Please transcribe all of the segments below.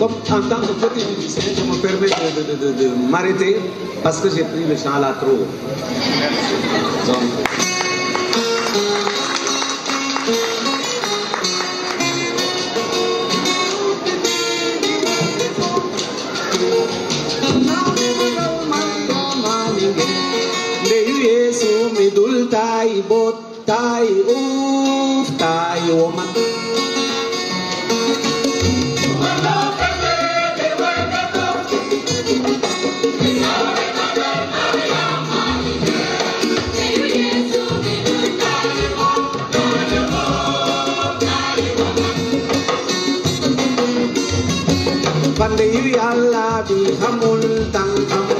comme en tant que petit musicien, je me permets de, m'arrêter parce que j'ai pris le chant là trop. Merci. baby, I love you. Hamul tang hamul.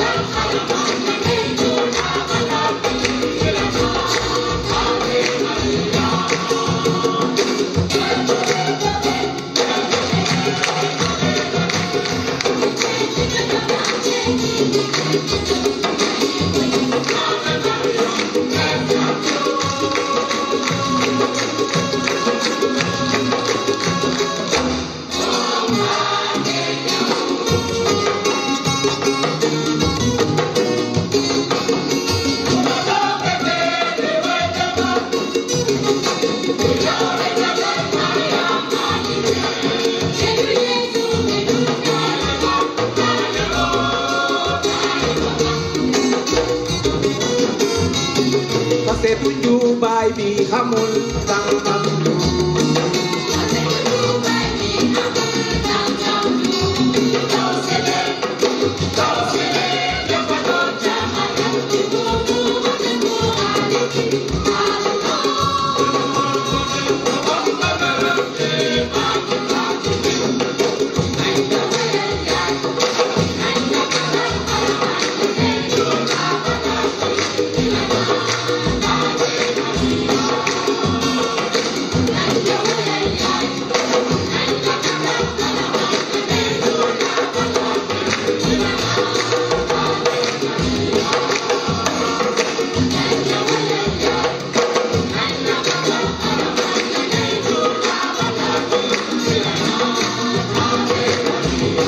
Thank you. by bihamul sang mamlu Thank you.